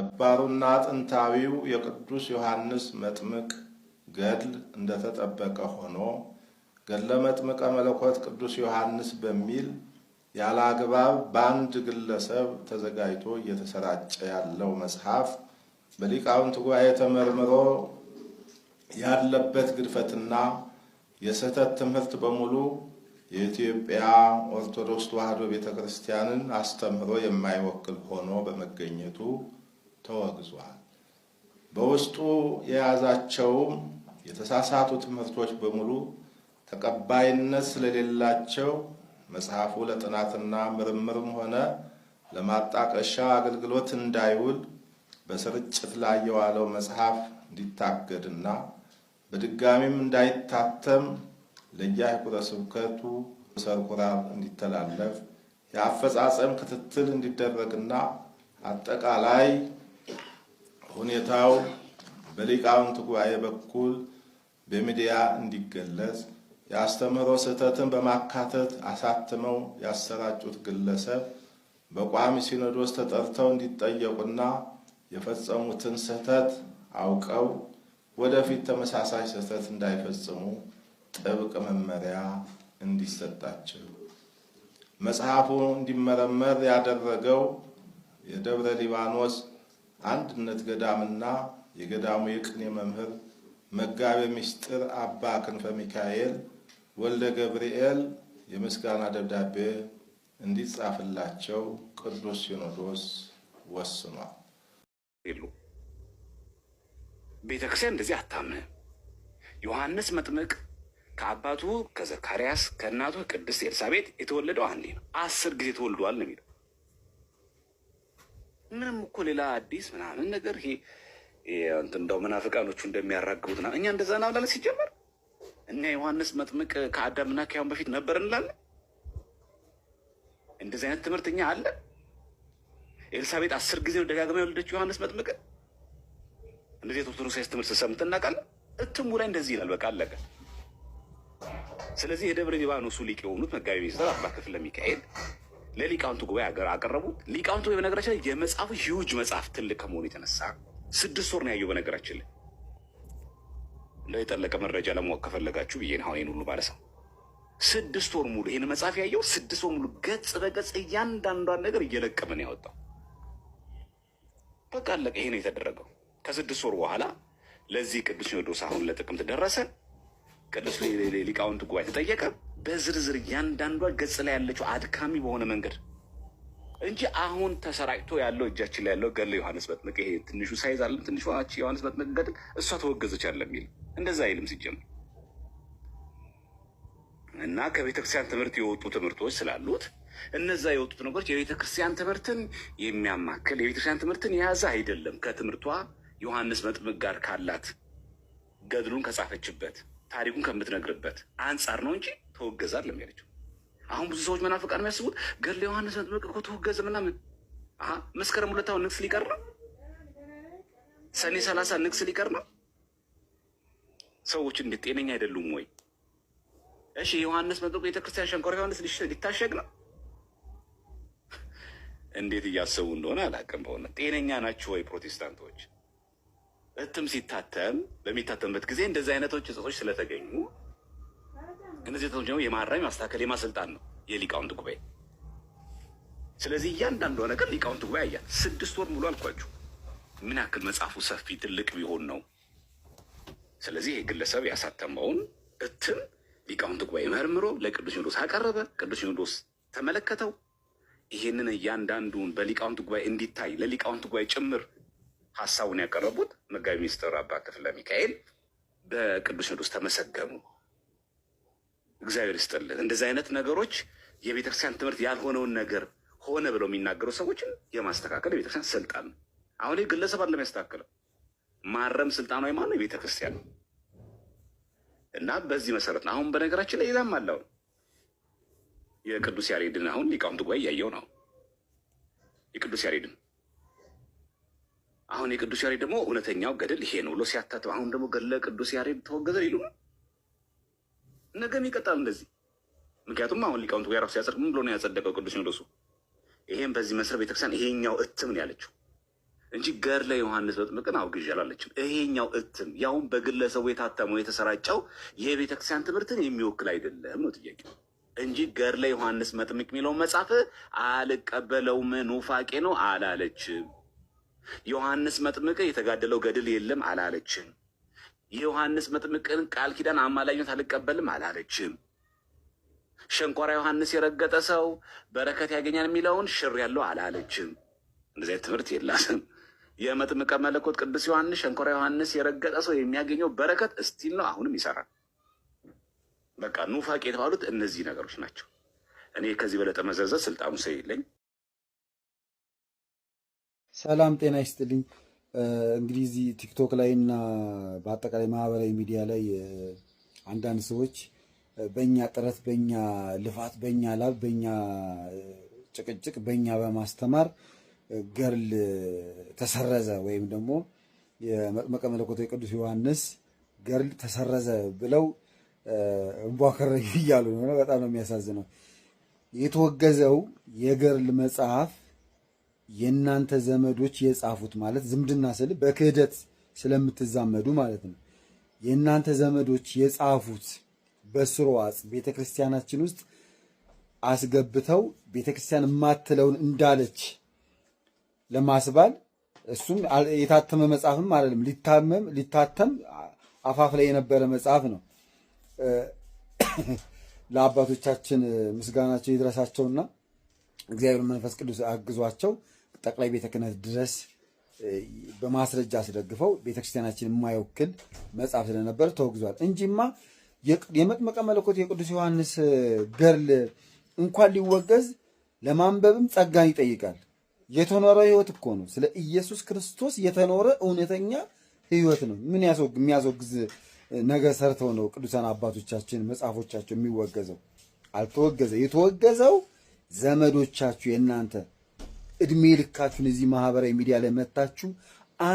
ነባሩና ጥንታዊው የቅዱስ ዮሐንስ መጥምቅ ገድል እንደተጠበቀ ሆኖ ገድለ መጥምቀ መለኮት ቅዱስ ዮሐንስ በሚል ያለ አግባብ በአንድ ግለሰብ ተዘጋጅቶ እየተሰራጨ ያለው መጽሐፍ በሊቃውንት ጉባኤ ተመርምሮ ያለበት ግድፈትና የስህተት ትምህርት በሙሉ የኢትዮጵያ ኦርቶዶክስ ተዋሕዶ ቤተ ክርስቲያንን አስተምህሮ የማይወክል ሆኖ በመገኘቱ ተወግዟል። በውስጡ የያዛቸውም የተሳሳቱ ትምህርቶች በሙሉ ተቀባይነት ስለሌላቸው መጽሐፉ ለጥናትና ምርምርም ሆነ ለማጣቀሻ አገልግሎት እንዳይውል በስርጭት ላይ የዋለው መጽሐፍ እንዲታገድና በድጋሚም እንዳይታተም ለየአህጉረ ስብከቱ ሰርኩላር እንዲተላለፍ የአፈጻጸም ክትትል እንዲደረግና አጠቃላይ ሁኔታው በሊቃውንት ጉባኤ በኩል በሚዲያ እንዲገለጽ የአስተምህሮ ስህተትን በማካተት አሳትመው ያሰራጩት ግለሰብ በቋሚ ሲኖዶስ ተጠርተው እንዲጠየቁና የፈጸሙትን ስህተት አውቀው ወደፊት ተመሳሳይ ስህተት እንዳይፈጽሙ ጥብቅ መመሪያ እንዲሰጣቸው መጽሐፉ እንዲመረመር ያደረገው የደብረ ሊባኖስ አንድነት ገዳምና የገዳሙ የቅኔ መምህር መጋቤ ምስጢር አባ ክንፈ ሚካኤል ወልደ ገብርኤል የምስጋና ደብዳቤ እንዲጻፍላቸው ቅዱስ ሲኖዶስ ወስኗል። የሉ ቤተ ክርስቲያን እንደዚህ አታምንም። ዮሐንስ መጥምቅ ከአባቱ ከዘካርያስ ከእናቱ ቅድስት ኤልሳቤጥ የተወለደው አንዴ ነው። አስር ጊዜ ተወልዷል ነው የሚለው ምንም እኮ ሌላ አዲስ ምናምን ነገር ይሄ እንደው መናፍቃኖቹ እንደሚያራግቡት እኛ እንደዛ እናብላለን። ሲጀመር እኛ ዮሐንስ መጥምቅ ከአዳምና ከያሁን በፊት ነበር እንላለን። እንደዚህ አይነት ትምህርት እኛ አለ። ኤልሳቤጥ አስር ጊዜ ደጋግማ የወለደችው ዮሐንስ መጥምቅ። እንደዚህ የኦርቶዶክሳዊ ትምህርት ሰምተን እናውቃለን። እትሙ ላይ እንደዚህ ይላል። በቃ አለቀ። ስለዚህ የደብረ ሊባኖሱ ሊቅ የሆኑት መጋቢ ሚኒስትር አባ ክፍለ ሚካኤል ለሊቃውንቱ ጉባኤ አቀረቡ። ሊቃውንቱ በነገራችን ላይ የመጽሐፉ ሂውጅ መጽሐፍ ትልቅ ከመሆኑ የተነሳ ስድስት ወር ነው ያየው። በነገራችን ላይ እንደው የጠለቀ መረጃ ለማወቅ ከፈለጋችሁ ብዬን ሀይን ሁሉ ባለሰው ስድስት ወር ሙሉ ይህን መጽሐፍ ያየው ስድስት ወር ሙሉ ገጽ በገጽ እያንዳንዷን ነገር እየለቀመን ያወጣው በቃ አለቀ። ይሄ ነው የተደረገው። ከስድስት ወር በኋላ ለዚህ ቅዱስ ሲኖዶስ አሁን ለጥቅምት ደረሰን። ቅዱስ ሊቃውንቱ ጉባኤ ተጠየቀ። በዝርዝር እያንዳንዷ ገጽ ላይ ያለችው አድካሚ በሆነ መንገድ እንጂ አሁን ተሰራጭቶ ያለው እጃችን ላይ ያለው ገለ ዮሐንስ መጥምቅ ይሄ ትንሹ ሳይዝ አለ ትንሹ ዮሐንስ መጥምቅ ገድ እሷ ተወገዘች አለ የሚል እንደዛ አይልም ሲጀምር እና ከቤተክርስቲያን ትምህርት የወጡ ትምህርቶች ስላሉት እነዛ የወጡት ነገሮች የቤተክርስቲያን ትምህርትን የሚያማክል የቤተክርስቲያን ትምህርትን የያዘ አይደለም። ከትምህርቷ ዮሐንስ መጥምቅ ጋር ካላት ገድሉን ከጻፈችበት ታሪኩን ከምትነግርበት አንጻር ነው እንጂ ተወገዘ አይደለም ያለችው። አሁን ብዙ ሰዎች ነው የሚያስቡት ገድለ ዮሐንስ መጥምቅ እኮ ተወገዘ ምናምን። መስከረም ሁለት አሁን ንግስ ሊቀር ነው፣ ሰኔ ሰላሳ ንግስ ሊቀር ነው። ሰዎች እንዴት ጤነኛ አይደሉም ወይ? እሺ ዮሐንስ መጥምቅ ቤተክርስቲያን ሸንኮር ዮሐንስ ሊታሸግ ነው። እንዴት እያሰቡ እንደሆነ አላውቅም። በሆነ ጤነኛ ናችሁ ወይ ፕሮቴስታንቶች? እትም ሲታተም በሚታተምበት ጊዜ እንደዚህ አይነቶች እጽቶች ስለተገኙ እነዚህ የተወጀው የማረም የማስተካከል የማሰልጣን ነው የሊቃውንት ጉባኤ። ስለዚህ እያንዳንዷ ነገር ሊቃውንት ጉባኤ አያል ስድስት ወር ሙሉ አልኳችሁ ምን ያክል መጽሐፉ ሰፊ ትልቅ ቢሆን ነው። ስለዚህ ይህ ግለሰብ ያሳተመውን እትም ሊቃውንት ጉባኤ መርምሮ ለቅዱስ ሲኖዶስ አቀረበ። ቅዱስ ሲኖዶስ ተመለከተው። ይህንን እያንዳንዱን በሊቃውንት ጉባኤ እንዲታይ ለሊቃውንት ጉባኤ ጭምር ሀሳቡን ያቀረቡት መጋቢ ሚኒስትር አባ ተክለ ሚካኤል በቅዱስ ሲኖዶስ ተመሰገሙ። እግዚአብሔር ይስጥልን። እንደዚህ አይነት ነገሮች የቤተክርስቲያን ትምህርት ያልሆነውን ነገር ሆነ ብለው የሚናገሩ ሰዎችን የማስተካከል የቤተክርስቲያን ስልጣን አሁን ይህ ግለሰብ አለ የሚያስተካክለው ማረም ስልጣኗ የማነው? የቤተክርስቲያን ነው። እና በዚህ መሰረት ነው። አሁን በነገራችን ላይ ሌላም አለው የቅዱስ ያሬድን አሁን ሊቃውንት ጉባኤ እያየው ነው። የቅዱስ ያሬድን አሁን የቅዱስ ያሬድ ደግሞ እውነተኛው ገድል ይሄ ነው ብሎ ሲያታተው አሁን ደግሞ ገለ ቅዱስ ያሬድ ተወገዘ ይሉ ነው ነገም ይቀጣል እንደዚህ። ምክንያቱም አሁን ሊቃውንቱ ጋር ራሱ ሲያጸድቅ ምን ብሎ ነው ያጸደቀው? ቅዱስ ሲኖዶሱ ይሄም በዚህ መስር ቤተክርስቲያን ይሄኛው እትም ነው ያለችው እንጂ ገድለ ዮሐንስ በጥምቅን አውግዤ አላለችም። ይሄኛው እትም ያውም በግለሰቡ የታተመው የተሰራጨው የቤተክርስቲያን ትምህርትን የሚወክል አይደለም ነው ጥያቄ እንጂ ገድለ ዮሐንስ መጥምቅ የሚለውን መጽሐፍ አልቀበለውም ኑፋቄ ነው አላለችም። ዮሐንስ መጥምቅ የተጋደለው ገድል የለም አላለችም። የዮሐንስ መጥምቅን ቃል ኪዳን አማላኝነት አልቀበልም አላለችም። ሸንኮራ ዮሐንስ የረገጠ ሰው በረከት ያገኛል የሚለውን ሽር ያለው አላለችም። እንደዚህ ትምህርት የላትም። የመጥምቀ መለኮት ቅዱስ ዮሐንስ ሸንኮራ ዮሐንስ የረገጠ ሰው የሚያገኘው በረከት እስቲል ነው፣ አሁንም ይሰራል። በቃ ኑፋቅ የተባሉት እነዚህ ነገሮች ናቸው። እኔ ከዚህ በለጠ መዘዘ ስልጣኑ ሰው የለኝ። ሰላም ጤና ይስጥልኝ። እንግዲህ እዚህ ቲክቶክ ላይ እና በአጠቃላይ ማህበራዊ ሚዲያ ላይ አንዳንድ ሰዎች በእኛ ጥረት፣ በእኛ ልፋት፣ በእኛ ላብ፣ በእኛ ጭቅጭቅ፣ በእኛ በማስተማር ገርል ተሰረዘ ወይም ደግሞ የመጥመቀ መለኮት የቅዱስ ዮሐንስ ገርል ተሰረዘ ብለው እንቧከረኝ እያሉ ነው። በጣም ነው የሚያሳዝነው። የተወገዘው የገርል መጽሐፍ የእናንተ ዘመዶች የጻፉት ማለት ዝምድና ስል በክህደት ስለምትዛመዱ ማለት ነው። የእናንተ ዘመዶች የጻፉት በስርዋጽ ቤተክርስቲያናችን ውስጥ አስገብተው ቤተክርስቲያን የማትለውን እንዳለች ለማስባል እሱም የታተመ መጽሐፍም አለም ሊታመም ሊታተም አፋፍ ላይ የነበረ መጽሐፍ ነው። ለአባቶቻችን ምስጋናቸው ይድረሳቸውና እግዚአብሔር መንፈስ ቅዱስ አግዟቸው ጠቅላይ ቤተ ክህነት ድረስ በማስረጃ አስደግፈው ቤተክርስቲያናችን የማይወክል መጽሐፍ ስለነበረ ተወግዟል እንጂማ የመጥመቀ መለኮት የቅዱስ ዮሐንስ ገርል እንኳን ሊወገዝ ለማንበብም ጸጋን ይጠይቃል። የተኖረ ህይወት እኮ ነው። ስለ ኢየሱስ ክርስቶስ የተኖረ እውነተኛ ህይወት ነው። ምን የሚያስወግዝ ነገር ሰርተው ነው ቅዱሳን አባቶቻችን መጽሐፎቻቸው የሚወገዘው? አልተወገዘ። የተወገዘው ዘመዶቻችሁ የእናንተ እድሜ ልካችሁን እዚህ ማህበራዊ ሚዲያ ላይ መታችሁ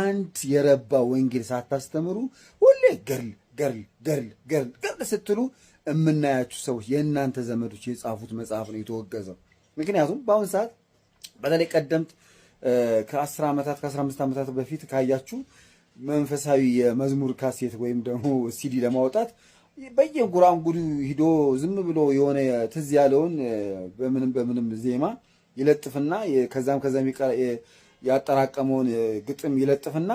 አንድ የረባ ወንጌል ሳታስተምሩ ሁሌ ገርል ገርል ገርል ገርል ገርል ስትሉ የምናያችሁ ሰዎች የእናንተ ዘመዶች የጻፉት መጽሐፍ ነው የተወገዘው። ምክንያቱም በአሁን ሰዓት በተለይ ቀደምት ከ ዓመታት ከ15 ዓመታት በፊት ካያችሁ መንፈሳዊ የመዝሙር ካሴት ወይም ደግሞ ሲዲ ለማውጣት በየጉራንጉዱ ሂዶ ዝም ብሎ የሆነ ትዝ ያለውን በምንም በምንም ዜማ ይለጥፍና ከዛም ከዛም ያጠራቀመውን ግጥም ይለጥፍና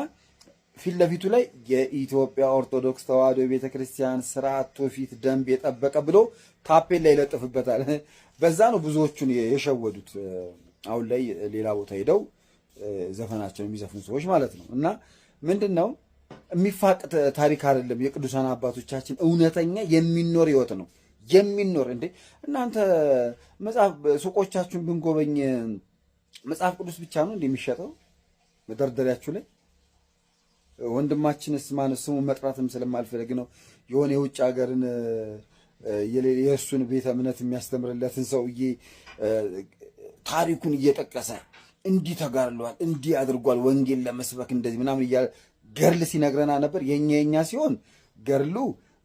ፊት ለፊቱ ላይ የኢትዮጵያ ኦርቶዶክስ ተዋሕዶ ቤተክርስቲያን ስርዓት ትውፊት ደንብ የጠበቀ ብሎ ታፔላ ይለጥፍበታል። በዛ ነው ብዙዎቹን የሸወዱት። አሁን ላይ ሌላ ቦታ ሄደው ዘፈናቸውን የሚዘፍኑ ሰዎች ማለት ነው። እና ምንድን ነው የሚፋቅ ታሪክ አይደለም። የቅዱሳን አባቶቻችን እውነተኛ የሚኖር ህይወት ነው። የሚኖር እንዴ እናንተ መጽሐፍ ሱቆቻችሁን ብንጎበኝ መጽሐፍ ቅዱስ ብቻ ነው እንደ የሚሸጠው መደርደሪያችሁ ላይ ወንድማችንስ ማን ስሙ መጥራትም ስለማልፈልግ ነው የሆነ የውጭ ሀገርን የእሱን ቤተ እምነት የሚያስተምርለትን ሰውዬ ታሪኩን እየጠቀሰ እንዲህ ተጋድሏል፣ እንዲህ አድርጓል፣ ወንጌል ለመስበክ እንደዚህ ምናምን እያለ ገርል ሲነግረና ነበር። የኛ የኛ ሲሆን ገርሉ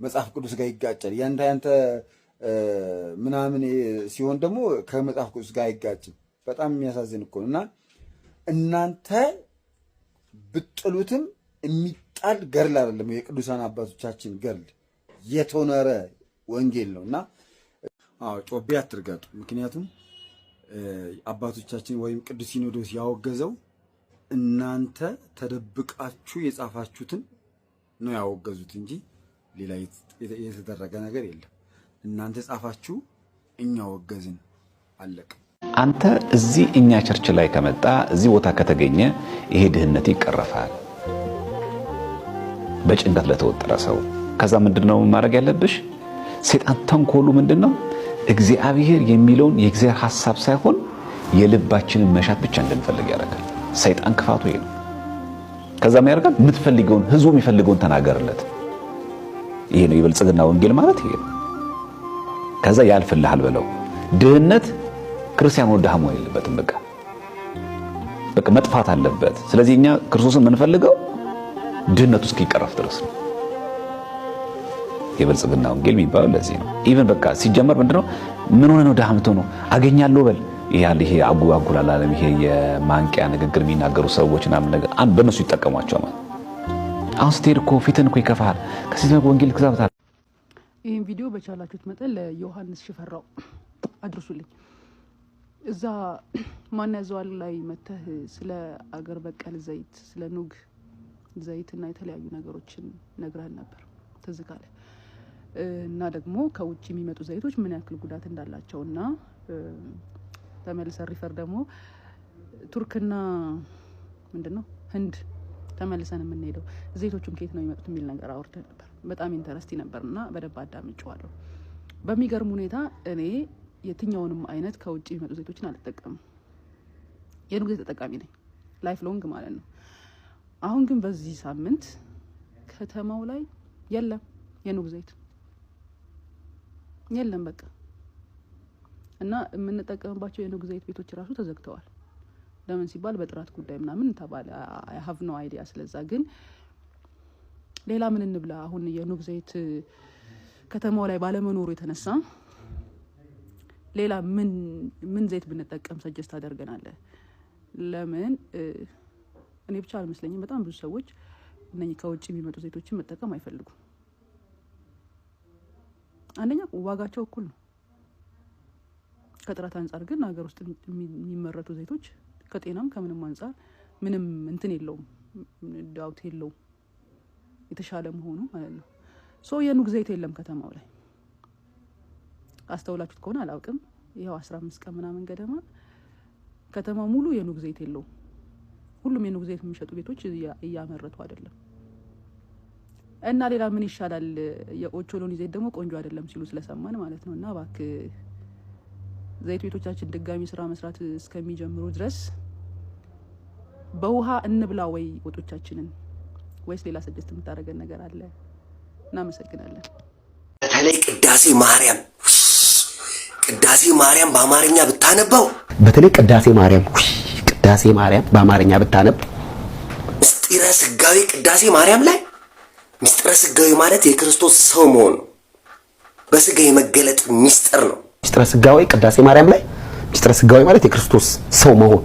መጽሐፍ ቅዱስ ጋር ይጋጫል። ያንተ ያንተ ምናምን ሲሆን ደግሞ ከመጽሐፍ ቅዱስ ጋር አይጋጭም። በጣም የሚያሳዝን እኮ እና እናንተ ብጥሉትም የሚጣል ገርል አይደለም። የቅዱሳን አባቶቻችን ገርል የተኖረ ወንጌል ነው እና አዎ ጮቤ አትርገጡ። ምክንያቱም አባቶቻችን ወይም ቅዱስ ሲኖዶስ ያወገዘው እናንተ ተደብቃችሁ የጻፋችሁትን ነው ያወገዙት እንጂ ሌላ የተደረገ ነገር የለም። እናንተ ጻፋችሁ፣ እኛ ወገዝን፣ አለቅ። አንተ እዚህ እኛ ቸርች ላይ ከመጣ እዚህ ቦታ ከተገኘ ይሄ ድህነት ይቀረፋል። በጭንቀት ለተወጠረ ሰው ከዛ ምንድን ነው ማድረግ ያለብሽ? ሴጣን ተንኮሉ ምንድን ነው? እግዚአብሔር የሚለውን የእግዚአብሔር ሀሳብ ሳይሆን የልባችንን መሻት ብቻ እንድንፈልግ ያደርጋል። ሰይጣን ክፋቱ ይሄ ነው። ከዛ ያደርጋል። የምትፈልገውን ህዝቡ የሚፈልገውን ተናገርለት ይሄ ነው የብልጽግና ወንጌል ማለት ይሄ ነው። ከዛ ያልፍልሃል በለው። ድህነት ክርስቲያን ወዳህ መሆን የለበትም። በቃ በቃ መጥፋት አለበት። ስለዚህ እኛ ክርስቶስን የምንፈልገው ድህነቱ እስኪቀረፍ ድረስ ነው። የብልጽግና ወንጌል የሚባለው ለዚህ ነው። ኢቨን በቃ ሲጀመር ምንድነው ምን ሆነ ነው ዳህምቶ ነው አገኛለሁ በል ይሄ አጉ አጉላላለም ይሄ የማንቂያ ንግግር የሚናገሩ ሰዎች ምናምን ነገር በእነሱ ይጠቀሟቸው ማለት አሁን ስትሄድ እኮ ፊትን እኮ ይከፋል። ከሴት ወንጌል ትግዛብታል። ይህን ቪዲዮ በቻላችሁት መጠን ለዮሐንስ ሽፈራው አድርሱልኝ። እዛ ማናዘዋል ላይ መተህ ስለ አገር በቀል ዘይት ስለ ኑግ ዘይት እና የተለያዩ ነገሮችን ነግረን ነበር፣ ትዝ ካለ እና ደግሞ ከውጭ የሚመጡ ዘይቶች ምን ያክል ጉዳት እንዳላቸው እና ተመልሰን ሪፈር ደግሞ ቱርክና ምንድን ነው ህንድ ተመልሰን የምንሄደው ዜቶቹም ከየት ነው የሚመጡት የሚል ነገር አውርደን ነበር። በጣም ኢንተረስቲ ነበር እና በደንብ አዳምጬዋለሁ። በሚገርም ሁኔታ እኔ የትኛውንም አይነት ከውጭ የሚመጡ ዜቶችን አልጠቀምም። የኑግ ዘይት ተጠቃሚ ነኝ ላይፍ ሎንግ ማለት ነው። አሁን ግን በዚህ ሳምንት ከተማው ላይ የለም የኑግ ዘይት የለም በቃ እና የምንጠቀምባቸው የኑግ ዘይት ቤቶች ራሱ ተዘግተዋል። ለምን ሲባል በጥራት ጉዳይ ምናምን ተባለ። ሀቭ ነው አይዲያ። ስለዛ ግን ሌላ ምን እንብላ? አሁን የኑግ ዘይት ከተማው ላይ ባለመኖሩ የተነሳ ሌላ ምን ዘይት ብንጠቀም ሰጀስት ታደርገናለህ? ለምን እኔ ብቻ አልመስለኝም። በጣም ብዙ ሰዎች እነኚህ ከውጭ የሚመጡ ዘይቶችን መጠቀም አይፈልጉም። አንደኛ ዋጋቸው እኩል ነው። ከጥራት አንጻር ግን ሀገር ውስጥ የሚመረቱ ዘይቶች ከጤናም ከምንም አንጻር ምንም እንትን የለውም፣ ዳውት የለውም የተሻለ መሆኑ ማለት ነው። ሶ የኑግ ዘይት የለም ከተማው ላይ አስተውላችሁት ከሆነ አላውቅም። ይኸው አስራ አምስት ቀን ምናምን ገደማ ከተማው ሙሉ የኑግ ዘይት የለውም። ሁሉም የኑግ ዘይት የሚሸጡ ቤቶች እያመረቱ አይደለም። እና ሌላ ምን ይሻላል? የኦቾሎኒ ዘይት ደግሞ ቆንጆ አይደለም ሲሉ ስለሰማን ማለት ነው። እና እባክህ ዘይት ቤቶቻችን ድጋሚ ስራ መስራት እስከሚጀምሩ ድረስ በውሃ እንብላ ወይ ወጦቻችንን፣ ወይስ ሌላ ስድስት የምታደርገን ነገር አለ? እናመሰግናለን። በተለይ ቅዳሴ ማርያም ቅዳሴ ማርያም በአማርኛ ብታነበው በተለይ ቅዳሴ ማርያም ቅዳሴ ማርያም በአማርኛ ብታነብ ምስጢረ ስጋዊ ቅዳሴ ማርያም ላይ ምስጢረ ስጋዊ ማለት የክርስቶስ ሰው መሆኑ በስጋ የመገለጥ ምስጢር ነው። ሚስጥረ ስጋዊ ቅዳሴ ማርያም ላይ ሚስጥረ ስጋዊ ማለት የክርስቶስ ሰው መሆን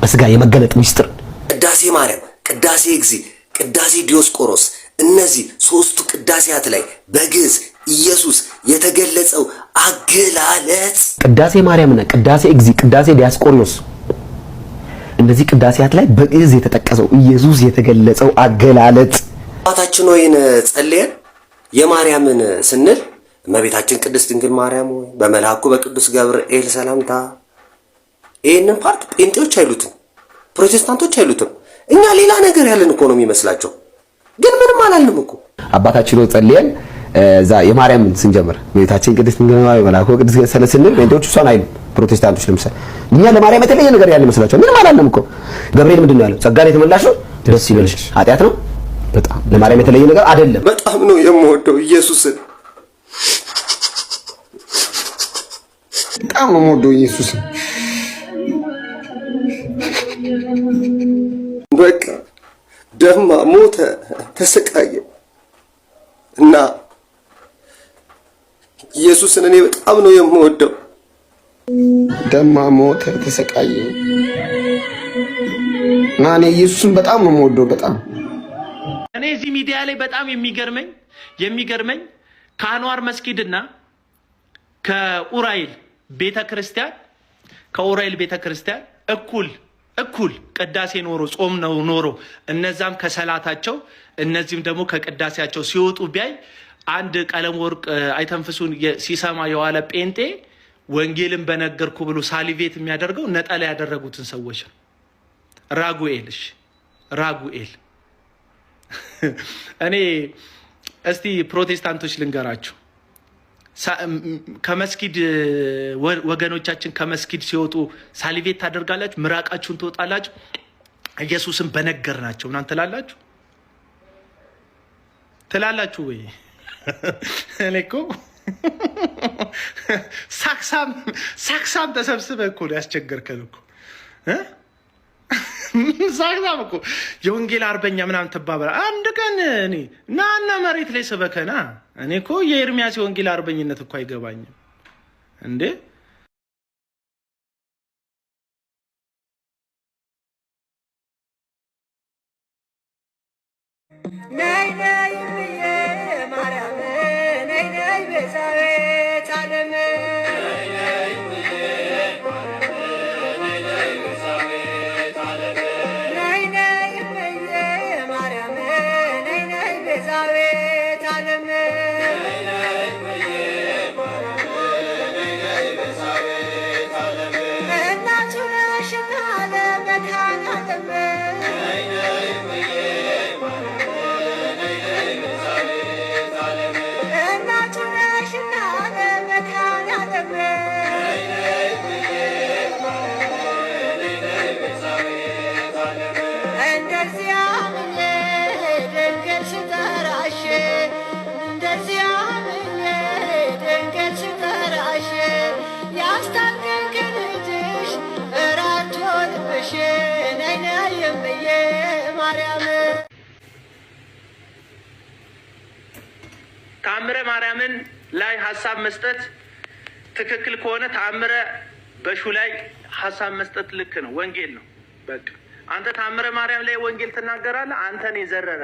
በስጋ የመገለጥ ሚስጥር ቅዳሴ ማርያም፣ ቅዳሴ እግዚ፣ ቅዳሴ ዲዮስቆሮስ እነዚህ ሶስቱ ቅዳሴያት ላይ በግዕዝ ኢየሱስ የተገለጸው አገላለጽ ቅዳሴ ማርያምና ቅዳሴ እግዚ፣ ቅዳሴ ዲያስቆሪዮስ እነዚህ ቅዳሴያት ላይ በግዕዝ የተጠቀሰው ኢየሱስ የተገለጸው አገላለጽ አባታችን ወይን ጸልየን የማርያምን ስንል እመቤታችን ቅድስት ድንግል ማርያም ሆይ በመልአኩ በቅዱስ ገብርኤል ሰላምታ። ይህንን ፓርት ጴንጤዎች አይሉትም፣ ፕሮቴስታንቶች አይሉትም። እኛ ሌላ ነገር ያለን እኮ ነው የሚመስላቸው፣ ግን ምንም አላልንም እኮ አባታችን ነው ጸልየን እዛ የማርያምን ስንጀምር እመቤታችን ቅድስት ድንግል ማርያም መልአኩ ቅዱስ ገብርኤል ስንል ጴንጤዎች እሷን አይሉ ፕሮቴስታንቶች ለምሳሌ እኛ ለማርያም የተለየ ነገር ያለ ይመስላቸው፣ ምንም አላልንም እኮ። ገብርኤል ምንድን ነው ያለው? ላይ የተመላሽ ነው ደስ ይበልሽ። ኃጢአት ነው በጣም ለማርያም የተለየ ነገር አይደለም። በጣም ነው የምወደው ኢየሱስን በጣም ነው የምወደው ኢየሱስ። በቃ ደማ ሞተ፣ ተሰቃየ እና ኢየሱስን እኔ በጣም ነው የምወደው። ደማ ሞተ፣ ተሰቃየ እና እኔ ኢየሱስን በጣም ነው የምወደው። በጣም እኔ እዚህ ሚዲያ ላይ በጣም የሚገርመኝ የሚገርመኝ ከአንዋር መስጊድና ከኡራኤል ቤተ ክርስቲያን ከኡራኤል ቤተ ክርስቲያን እኩል እኩል ቅዳሴ ኖሮ ጾም ነው ኖሮ እነዛም ከሰላታቸው እነዚህም ደግሞ ከቅዳሴያቸው ሲወጡ ቢያይ አንድ ቀለም ወርቅ አይተንፍሱን ሲሰማ የዋለ ጴንጤ ወንጌልን በነገርኩ ብሎ ሳሊቬት የሚያደርገው ነጠላ ያደረጉትን ሰዎች ነው። ራጉኤልሽ ራጉኤል እኔ እስቲ ፕሮቴስታንቶች ልንገራችሁ ከመስጊድ ወገኖቻችን ከመስጊድ ሲወጡ ሳሊቬት ታደርጋላችሁ፣ ምራቃችሁን ትወጣላችሁ። ኢየሱስን በነገር ናቸው ምናምን ትላላችሁ ትላላችሁ ወይ? እኔ እኮ ሳክሳም ሳክሳም ተሰብስበ እኮ ያስቸገርከን እኮ ዛግዛም እኮ የወንጌል አርበኛ ምናምን ትባበላ አንድ ቀን እኔ ናና መሬት ላይ ስበከና እኔ እኮ የኤርሚያስ የወንጌል አርበኝነት እኮ አይገባኝም እንዴ። ነይ ነይ ማርያም ነይ ነይ ተአምረ ማርያምን ላይ ሀሳብ መስጠት ትክክል ከሆነ ተአምረ በሹ ላይ ሀሳብ መስጠት ልክ ነው፣ ወንጌል ነው። በቃ አንተ ተአምረ ማርያም ላይ ወንጌል ትናገራለህ። አንተን የዘረረ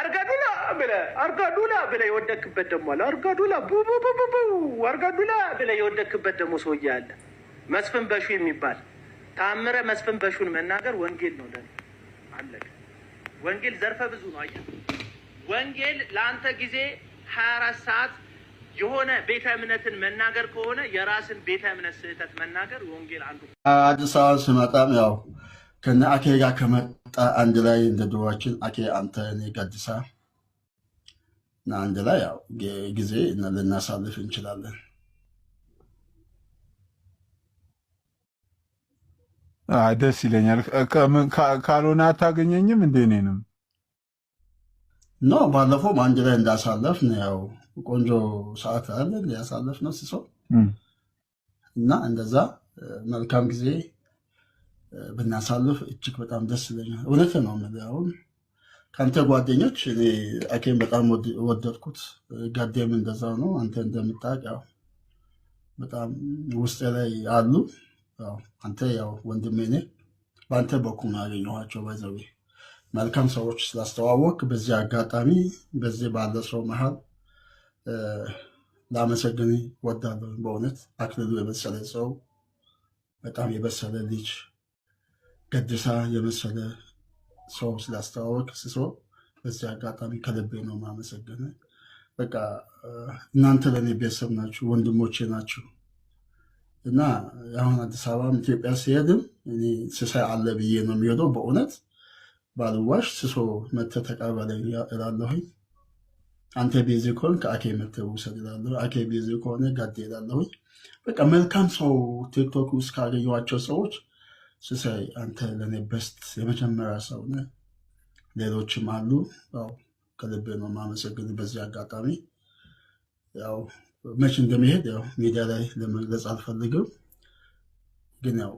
አርጋዱላ ብለ አርጋዱላ ብለ የወደክበት ደግሞ አለ። አርጋዱላ ቡቡቡቡ አርጋዱላ ብለ የወደክበት ደግሞ ሰውዬ አለ። መስፍን በሹ የሚባል ተአምረ መስፍን በሹን መናገር ወንጌል ነው። ለ አለ ወንጌል ዘርፈ ብዙ ነው። አየህ ወንጌል ለአንተ ጊዜ ሀያ አራት ሰዓት የሆነ ቤተ እምነትን መናገር ከሆነ የራስን ቤተ እምነት ስህተት መናገር ወንጌል አንዱ። አዲስ አበባ ስመጣም ያው ከነ አኬ ጋር ከመጣ አንድ ላይ እንደ ድሯችን አኬ አንተ እኔ ጋዲሳ እና አንድ ላይ ያው ጊዜ ልናሳልፍ እንችላለን። ደስ ይለኛል። ካልሆነ አታገኘኝም እንዴ እኔንም ኖ ባለፈውም አንድ ላይ እንዳሳለፍን ያው ቆንጆ ሰዓት አለ ነው ሲሶ እና እንደዛ መልካም ጊዜ ብናሳልፍ እጅግ በጣም ደስ ይለኛል። እውነት ነው የምልህ ከአንተ ጓደኞች እኔ አኬን በጣም ወደድኩት። ጋዴም እንደዛው ነው። አንተ እንደምታውቅ በጣም ውስጤ ላይ አሉ። አንተ ያው ወንድሜ፣ እኔ በአንተ በኩል ነው ያገኘኋቸው ባይዘዌ መልካም ሰዎች ስላስተዋወቅ በዚህ አጋጣሚ በዚህ ባለ ሰው መሀል ላመሰግን ወዳለሁ። በእውነት አክልሉ የመሰለ ሰው በጣም የበሰለ ልጅ ገድሳ የመሰለ ሰው ስላስተዋወቅ ስሶ በዚህ አጋጣሚ ከልቤ ነው ማመሰገን። በቃ እናንተ ለእኔ ቤተሰብ ናችሁ፣ ወንድሞቼ ናችሁ እና አሁን አዲስ አበባም ኢትዮጵያ ሲሄድም ስሳይ አለ ብዬ ነው የሚሄደው በእውነት ባልዋሽ ስሶ መተ ተቀበለኝ እላለሁኝ። አንተ ቤዚ ከሆን ከአኬ መተ ውሰድ እላለሁ። አኬ ቤዚ ከሆነ ጋዴ እላለሁኝ። በቃ መልካም ሰው ቲክቶክ ውስጥ ካገኘኋቸው ሰዎች ስሳይ አንተ ለእኔ በስት የመጀመሪያ ሰው ነህ። ሌሎችም አሉ። ያው ከልቤ ነው ማመሰግን። በዚህ አጋጣሚ ያው መቼ እንደሚሄድ ያው ሚዲያ ላይ ለመግለጽ አልፈልግም፣ ግን ያው